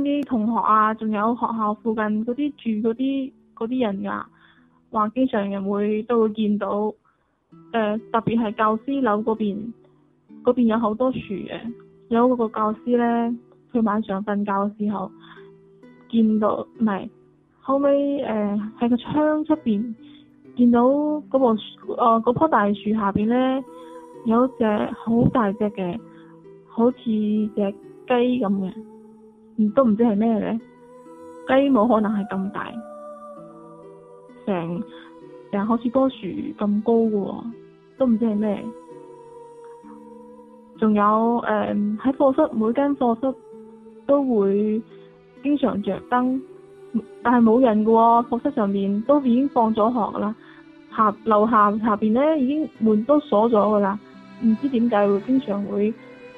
啲同學啊，仲有學校附近嗰啲住嗰啲啲人啊，話經常人會都會見到，誒、呃，特別係教師樓嗰邊，嗰邊有好多樹嘅，有嗰個個教師咧，佢晚上瞓覺嘅時候見到，唔係，後尾，誒喺個窗出邊見到嗰棵樹，嗰、呃、棵大樹下邊咧有隻好大隻嘅，好似隻雞咁嘅。嗯、都唔知係咩咧，雞冇可能係咁大，成又好似棵樹咁高嘅喎，都唔知係咩。仲有誒喺課室，每間課室都會經常着燈，但係冇人嘅喎，課室上面都已經放咗學啦，下樓下下邊咧已經門都鎖咗嘅啦，唔知點解會經常會誒、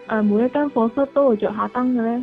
嗯、每一間課室都會着下燈嘅咧？